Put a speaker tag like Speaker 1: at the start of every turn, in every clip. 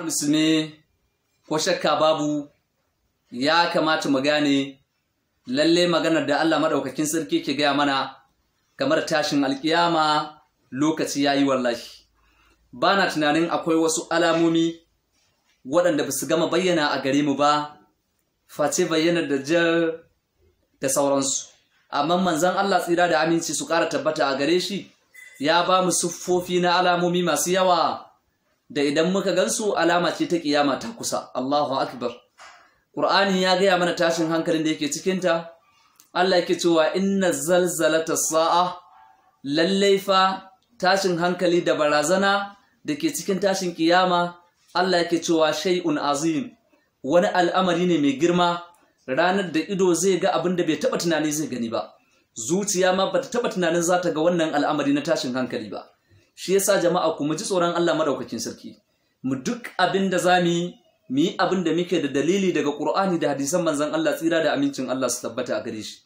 Speaker 1: musulmi ko shakka babu ya kamata mu gane lalle maganar da Allah maɗaukakin sarki ke gaya mana kamar tashin alkiyama lokaci ya yi wallahi ba na tunanin akwai wasu alamomi waɗanda ba su gama bayyana a gare mu ba face bayyanar da jar da sauransu amma manzan Allah tsira da aminci su ƙara tabbata a gare shi ya ba mu siffofi na alamomi masu yawa da idan muka gansu alama ce ta kiyama ta kusa Allahu akbar Qur'ani ya gaya mana tashin hankalin da yake cikin ta Allah yake cewa inna zalzalata sa'a Lallaifa, tashin hankali da barazana da ke cikin tashin kiyama Allah yake cewa shay'un azim wani al'amari ne mai girma ranar da ido zai ga abin da bai taba tunani zai gani ba zuciya ma bata taba tunanin za ta ga wannan al'amari na tashin hankali ba shi yasa jama'a ku mu ji tsoron Allah madaukakin sarki mu duk abin da za mu yi abin da muke da dalili daga Qur'ani da hadisan manzon Allah tsira da amincin Allah su tabbata a gare shi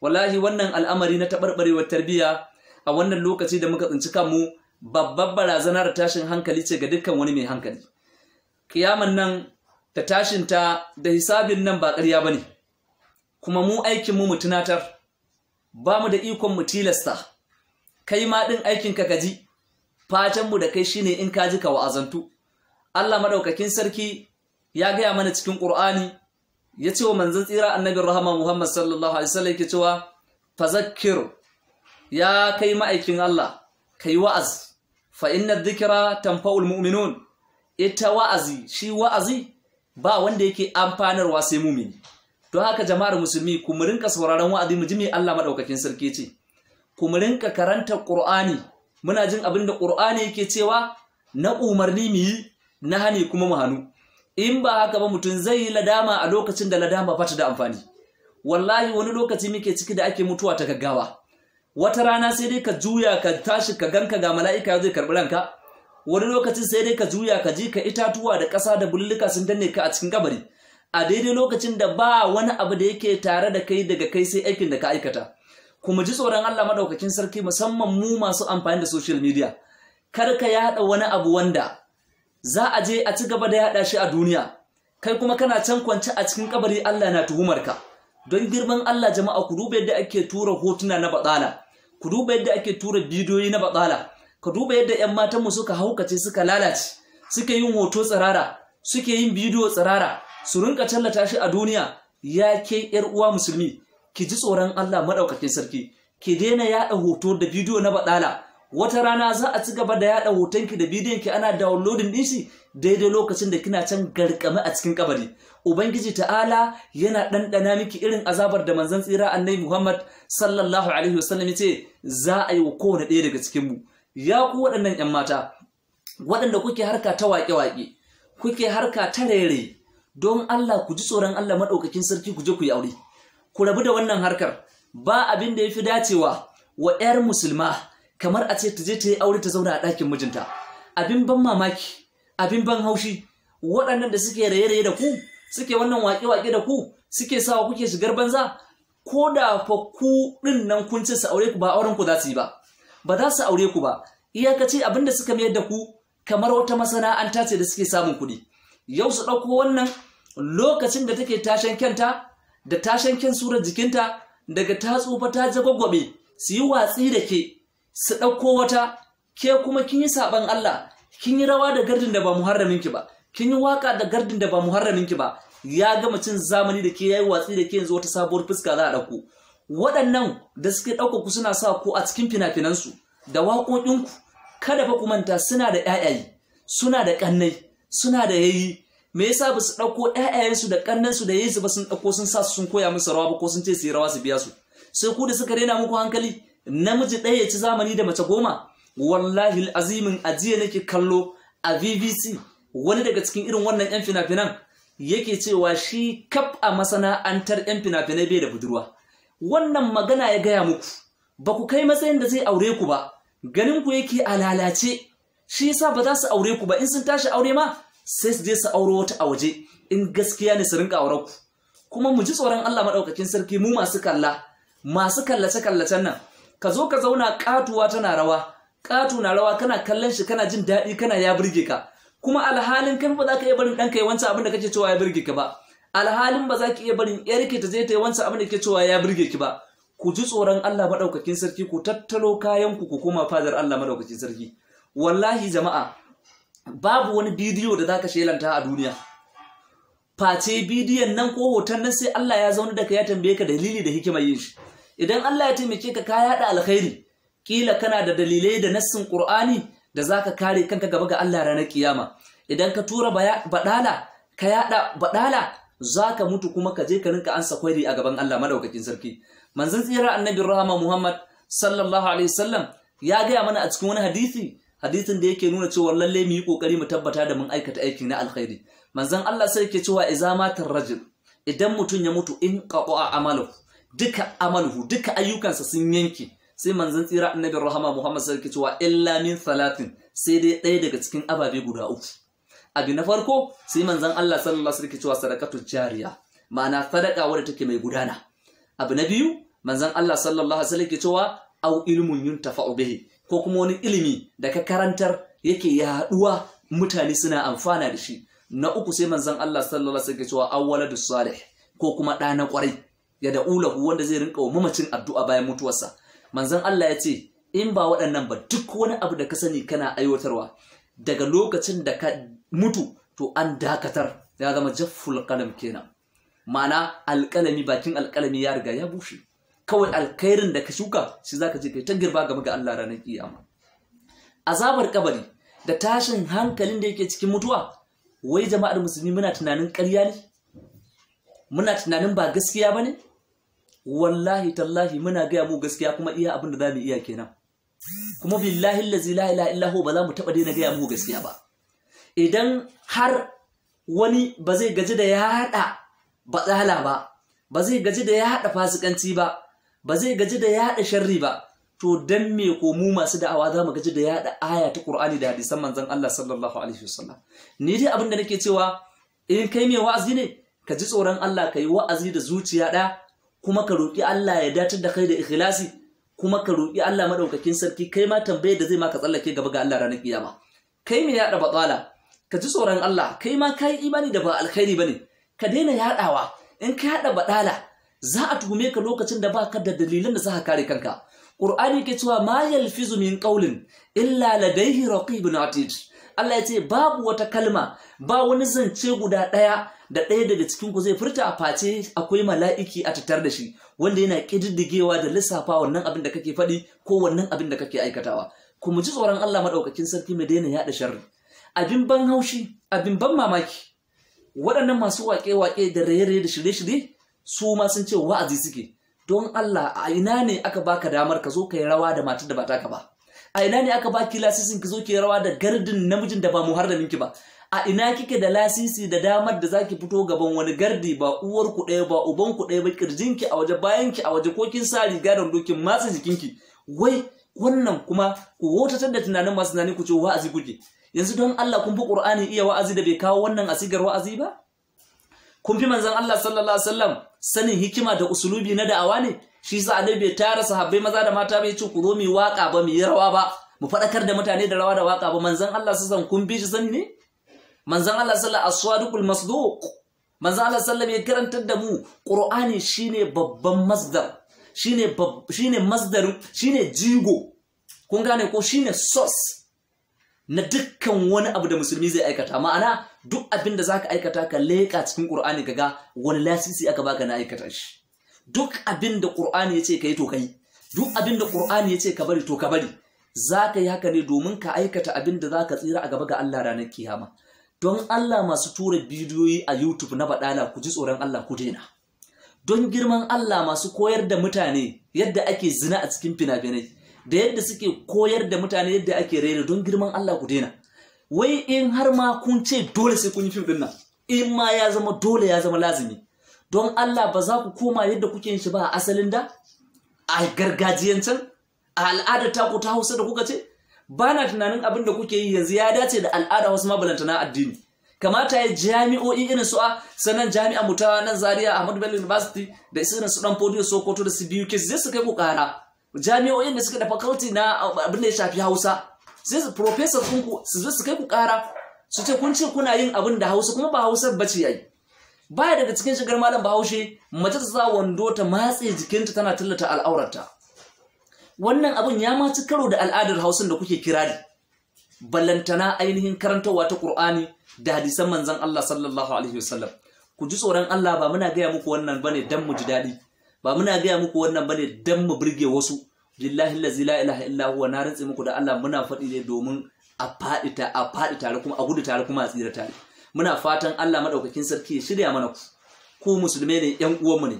Speaker 1: wallahi wannan al'amari na taɓarɓarewar tarbiyya a wannan lokaci da muka tsinci kanmu babbar barazanar tashin hankali ce ga dukkan wani mai hankali kiyaman nan da tashin ta da hisabin nan ba ƙarya ne. kuma mu aikin mu mu tunatar ba mu da ikon mu tilasta kai ma ɗin aikin ka ji. fatanmu da kai shine in ka ji ka wa'azantu Allah madaukakin sarki ya gaya mana cikin ƙur'ani. ya ce wa manzon tsira annabin rahama Muhammad sallallahu alaihi wasallam yake cewa fazakkir ya kai ma'aikin Allah kai wa'az fa inna dhikra tanfa'ul mu'minun ita wa'azi shi wa'azi ba wanda yake amfanarwa sai mumini To haka jama'ar musulmi ku mu rinka sauraron wa'azi mu ji me Allah madaukakin sarki ce ku mu rinka karanta Qur'ani muna jin abin da ƙur'ani yake cewa na umarni mu yi na hani kuma mu hannu in ba haka ba mutum zai yi ladama a lokacin da ladama ba ta da amfani wallahi wani lokaci muke ciki da ake mutuwa ta gaggawa wata rana sai dai ka juya ka tashi ka ganka ga mala'ika zai karɓi ranka wani lokacin sai dai ka juya ka ji ka itatuwa da ƙasa da bulluka sun danne ka a cikin kabari a daidai lokacin da ba wani abu da yake tare da kai daga kai sai aikin da ka aikata kuma ji tsoron Allah madaukakin sarki musamman mu masu amfani da social media kar ka yaɗa wani abu wanda za a je a ci gaba da yaɗa shi a duniya kai kuma kana can kwance a cikin kabari Allah na tuhumar ka don girman Allah jama'a ku duba yadda ake tura hotuna na batsala ku duba yadda ake tura bidiyoyi na batsala ka duba yadda 'yan matanmu suka haukace suka lalace suke yin hoto tsirara suke yin bidiyo tsirara su rinka tallata shi a duniya ya ke 'yar uwa musulmi ki ji tsoron Allah maɗaukakin sarki ki daina yaɗa hoto da bidiyo na baɗala. wata rana za a ci gaba da yaɗa hotonki da bidiyon ki ana downloading ɗin shi daidai lokacin da kina can garkame a cikin kabari ubangiji ta'ala yana ɗanɗana miki irin azabar da manzan tsira annabi Muhammad sallallahu alaihi wa sallam ce, za a yi wa kowane ɗaya daga cikin mu ya ku waɗannan ƴan mata waɗanda kuke harka ta waƙe-waƙe kuke harka ta rere don Allah ku ji tsoron Allah maɗaukakin sarki ku je ku yi aure ku rabu da wannan harkar ba abin da ya fi dacewa wa 'yar musulma kamar a ce ta je ta yi aure ta zauna a ɗakin mijinta abin ban mamaki abin ban haushi waɗannan da suke raye-raye da ku suke wannan waƙe-waƙe da ku suke sawa kuke shigar banza ko da fa ku ɗin nan kun ce su aure ku ba auren ku za su yi ba ba za su aure ku ba iyakaci abin da suka mayar da ku kamar wata masana'anta ce da suke samun kuɗi yau su ɗauko wannan lokacin da take tashen kyanta da kyan sura jikinta daga ta tsufa ta jagwagwabe su yi watsi da ke su ɗauko wata ke kuma kin yi saɓan Allah kin yi rawa da gardin da ba ki ba kin yi waka da gardin da ba ki ba ya gama cin zamani da ke yayi watsi da ke yanzu wata sabuwar fuska za a ɗauko waɗannan da suke ɗauka ku suna sa ko a cikin fina-finansu da waƙoƙinku kada fa ku manta suna da ƴaƴaye suna da ƙannai suna da yayi me yasa ba su ɗauko ƴaƴayensu da ƙannensu da yinsu ba sun ɗauko sun sa sun koya musu rawa ba ko sun ce su yi rawa su biya su sai ku da suka rena muku hankali namiji ɗaya ya ci zamani da mace goma wallahi azimin ajiya nake kallo a bbc wani daga cikin irin wannan yan fina-finan yake cewa shi kaf a masana'antar yan fina-finai bai da budurwa wannan magana ya gaya muku ba ku kai matsayin da zai aure ku ba ganin ku yake a lalace shi yasa ba za su aure ku ba in sun tashi aure ma sai su je su auro wata a waje in gaskiya ne su rinka auren ku kuma mu ji tsoron Allah maɗaukakin sarki mu masu kalla masu kallace kallacen nan ka zo ka zauna katuwa tana rawa katu na rawa kana kallon shi kana jin daɗi kana ya burge ka kuma alhalin kai ba za ka iya barin ɗanka ya wancan abin da kake cewa ya burge ka ba alhalin ba za ki iya barin yarki ta je ta yi wancan abin da kake cewa ya burge ki ba ku ji tsoron Allah maɗaukakin sarki ku tattalo kayan ku ku koma fadar Allah maɗaukakin sarki wallahi jama'a babu wani bidiyo da zaka shelanta a duniya face bidiyon nan ko hoton nan sai Allah ya zauna da ka ya tambaye ka dalili da hikimar yin shi idan Allah ya taimake ka ka yaɗa alkhairi kila kana da dalilai da nassin Qur'ani da zaka kare kanka gaba ga Allah ranar kiyama idan ka tura badala ka yaɗa badala zaka mutu kuma ka je ka rinka ansa kwari a gaban Allah madaukakin sarki manzon tsira annabi rahama Muhammad sallallahu alaihi wasallam ya gaya mana a cikin wani hadisi hadisin da yake nuna cewa lalle mu yi kokari mu tabbata da mun aikata aiki na alkhairi manzon Allah sai yake cewa idza matar rajul idan mutun ya mutu in qata'a amalu duka amaluhu duka ayyukansa sun yanke sai manzon tsira annabi rahama Muhammad sai yake cewa illa min salatin sai dai ɗaya daga cikin ababe guda uku abi na farko sai manzon Allah sallallahu alaihi wasallam yake cewa sadaqatu jariya ma'ana sadaka wadda take mai gudana abu na biyu manzon Allah sallallahu alaihi wasallam yake cewa au ilmun yuntafa'u bihi ko kuma wani ilimi da ka karantar yake yaduwa mutane suna amfana da shi na uku sai manzon Allah sallallahu alaihi wasallam cewa awwaladu salih ko kuma ɗa na ƙwarai ya da ulahu wanda zai rinka wa mamacin addu'a bayan mutuwarsa manzon Allah ya ce in ba waɗannan ba duk wani abu da ka sani kana aiwatarwa daga lokacin da ka mutu to an dakatar ya zama jafful qalam kenan ma'ana alƙalami bakin alƙalami ya riga ya bushe kawai alkhairin da ka shuka shi za ka je kai ta girba gaba ga Allah ranar kiyama azabar kabari da tashin hankalin da yake cikin mutuwa wai jama'ar musulmi muna tunanin karya ne muna tunanin ba gaskiya bane wallahi tallahi muna gaya mu gaskiya kuma iya abin da za iya kenan kuma billahi allazi la ilaha illa ba za mu taba daina gaya mu gaskiya ba idan har wani ba zai gaji da ya hada batsala ba ba zai gaji da ya haɗa fasikanci ba ba zai gaji da yaɗa sharri ba to dan me ko mu masu da'awa za mu gaji da yaɗa aya ta Qur'ani da hadisan manzon Allah sallallahu alaihi wasallam ni dai abin da nake cewa in kai mai wa'azi ne ka ji tsoron Allah ka yi wa'azi da zuciya ɗaya kuma ka roƙi Allah ya datar da kai da ikhlasi kuma ka roƙi Allah madaukakin sarki kai ma tambayar da zai maka tsallake gaba ga Allah ranar kiyama kai mai yaɗa batsala ka ji tsoron Allah kai ma kai imani da ba alkhairi bane ka daina yaɗawa in ka yaɗa baɗala za a tuhume ka lokacin da baka da dalilan da za ka kare kanka Qur'ani ke cewa ma yalfizu min qawlin illa ladayhi raqibun atid Allah ya ce babu wata kalma ba wani zance guda ɗaya da ɗaya daga cikin ku zai furta a face akwai mala'iki a tattar da shi wanda yana ƙididdigewa da lissafa wannan abin da kake faɗi ko wannan abin da kake aikatawa kuma ji tsoron Allah maɗaukakin sarki mai daina yaɗa sharri abin ban haushi abin ban mamaki waɗannan masu waƙe-waƙe da raye-raye da shirye-shirye su ma sun ce wa'azi suke don Allah a ina ne aka baka damar ka zo kai rawa da matar da ba taka ba a ina ne aka baki lasisin ki zo ki rawa da gardin namijin da ba mu har da ninki ba a ina kike da lasisi da damar da zaki fito gaban wani gardi ba uwar ku ɗaya ba uban ku ɗaya ba ki a waje bayan ki a waje ko kin sa riga da dokin matsa ki? wai wannan kuma ku wotatar da tunanin masu tunani ku ce wa'azi kuke yanzu don Allah kun fi Qur'ani iya wa'azi da bai kawo wannan asigar wa'azi ba kun fi manzon Allah sallallahu alaihi wasallam sanin hikima da usulubi na da'awa ne shi yasa annabi bai tara sahabbai maza da mata bai ce ku zo mu waka ba mu yi rawa ba mu faɗakar da mutane da rawa da waka ba manzon Allah sallallahu kun bi shi sani ne manzon Allah sallallahu aswadul masduq manzon Allah sallallahu ya karantar da mu qur'ani shine babban masdar shine shine masdar shine jigo kun gane ko shine source na dukkan wani abu da musulmi zai aikata ma'ana duk abin da za ka aikata ka leƙa cikin Qur'ani ga wani lasisi aka baka na aikata shi duk abin da ce ka yi to ka yi. duk abin da ya ce ka bari to ka bari Za ka yi haka ne domin ka aikata abin da za ka tsira a gaba ga Allah ranar kiyama don Allah masu tura bidiyoyi a YouTube na badala ku ji tsoron Allah ku daina don girman Allah masu koyar da mutane yadda ake zina a cikin fina-finai da yadda suke koyar da mutane yadda ake raina, don girman Allah ku daina wai in har ma kun ce dole sai kun yi fim dinna, in ma ya zama dole ya zama lazimi don Allah ba za ku koma yadda kuke yin shi ba a asalin da a gargajiyancin a al'adar ku ta Hausa da kuka ce ba na tunanin abin da kuke yi yanzu ya dace da al'ada wasu mabalanta na addini kamata ya jami'o'i irin su a sanan jami'a mu nan Zaria Ahmadu Bello University da irin su dan fodiyo Sokoto da su BUK zai su kai ku kara jami'o'in da suka da faculty na abin da ya shafi Hausa sai su professor ɗinku su zo su kai ku ƙara su ce kun ce kuna yin abin da hausa kuma ba hausa ba ce yayi ba daga cikin shigar malam bahaushe mace ta sa wando ta matse jikinta tana tallata al'aurarta wannan abin ya ma ci karo da al'adar hausan da kuke kirari ballantana ainihin karantarwa ta Kur'ani da hadisan manzon Allah sallallahu alaihi wasallam ku ji tsoron Allah ba muna gaya muku wannan bane dan mu ji daɗi ba muna gaya muku wannan bane dan mu burge wasu lillahi lazi la ilaha illa huwa na rantse muku da Allah muna faɗi ne domin a faɗi ta a faɗi tare kuma a gudu tare kuma a tsira tare muna fatan Allah madaukakin sarki ya shirya mana ku ku musulmai ne yan uwanmu ne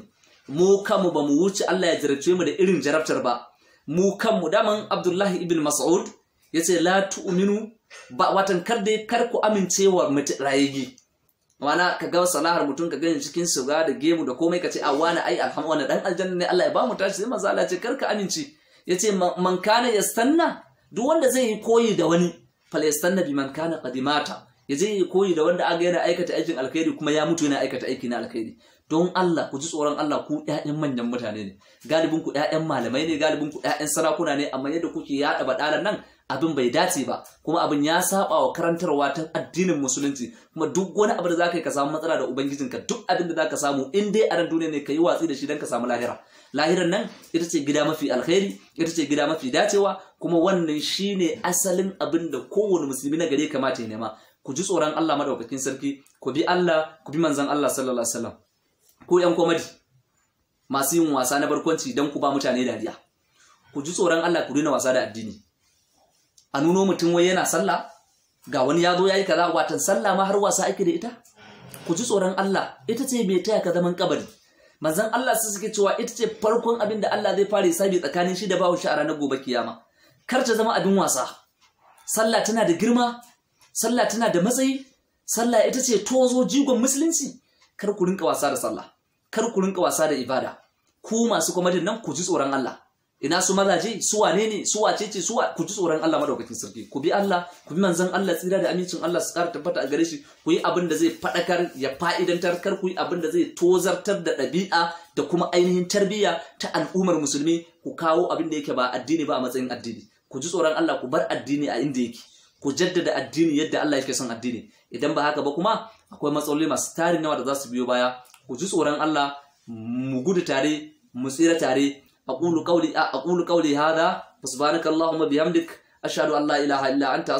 Speaker 1: mu kanmu ba mu wuce Allah ya jarabce mu da irin jarabtar ba mu kanmu daman Abdullahi ibn Mas'ud yace la tu'minu ba watan kar dai kar ku amincewa mutu rayigi mana ka ga salahar mutum ka gani cikin suga da gemu da komai ka ce a wani ai alhamdu wani dan aljanna ne Allah ya ba mu tashi sai manzo Allah ce kar ka amince ya ce mankana ya yastanna duk wanda zai yi koyi da wani falestanna bi mankana kadimata ya je ya koyi da wanda aga yana aikata aikin alkhairi kuma ya mutu yana aikata aiki na alkhairi don Allah ku ji tsoron Allah ku ƴaƴan manyan mutane ne galibin ku ƴaƴan malamai ne galibin ku ƴaƴan sarakuna ne amma yadda kuke yaɗa badalan nan abin bai dace ba kuma abin ya saba wa karantarwa ta addinin musulunci kuma duk wani abu da zaka yi ka samu matsala da ubangijinka duk abin da zaka samu in dai a ran duniya ne ka yi watsi da shi don ka samu lahira lahiran nan ita ce gida mafi alkhairi ita ce gida mafi dacewa kuma wannan shine asalin abin da kowane musulmi na gare kamata ya nema ku ji tsoron Allah madaukakin sarki ku bi Allah ku bi manzan Allah sallallahu alaihi wasallam ku yan komadi masu yin wasa na barkwanci don ku ba mutane dariya ku ji tsoron Allah ku rina wasa da addini a nuno mutum wai yana sallah ga wani ya zo yayi kaza watan sallah ma har wasa ake da ita ku ji tsoron Allah ita ce mai taya ka zaman kabari Manzan Allah su suke cewa ita ce farkon abin da Allah zai fara sabi tsakanin shi da bawo shi a gobe kiyama kar ta zama abin wasa sallah tana da girma sallah tana da matsayi sallah ita ce tozo jigon musulunci kar ku rinka wasa da sallah kar ku rinka wasa da ibada ku masu kwamadin nan ku ji tsoron Allah ina su mazaje su wane ne su wace ce su ku ji tsoron Allah madaukakin sarki ku bi Allah ku bi manzon Allah tsira da amincin Allah su ƙara tabbata a gare shi ku yi abin da zai faɗakar ya fa'idantar kar ku yi abin da zai tozartar da ɗabi'a da kuma ainihin tarbiyya ta al'ummar musulmi ku kawo abin da yake ba addini ba a matsayin addini ku ji tsoron Allah ku bar addini a inda yake ku jaddada addini yadda Allah yake son addini idan ba haka ba kuma akwai matsaloli masu tarin yawa da za su biyo baya ku ji tsoron Allah mu gudu tare mu tsira tare aqulu qawli aqulu qawli hadha subhanakallahumma bihamdik ashhadu an la ilaha illa anta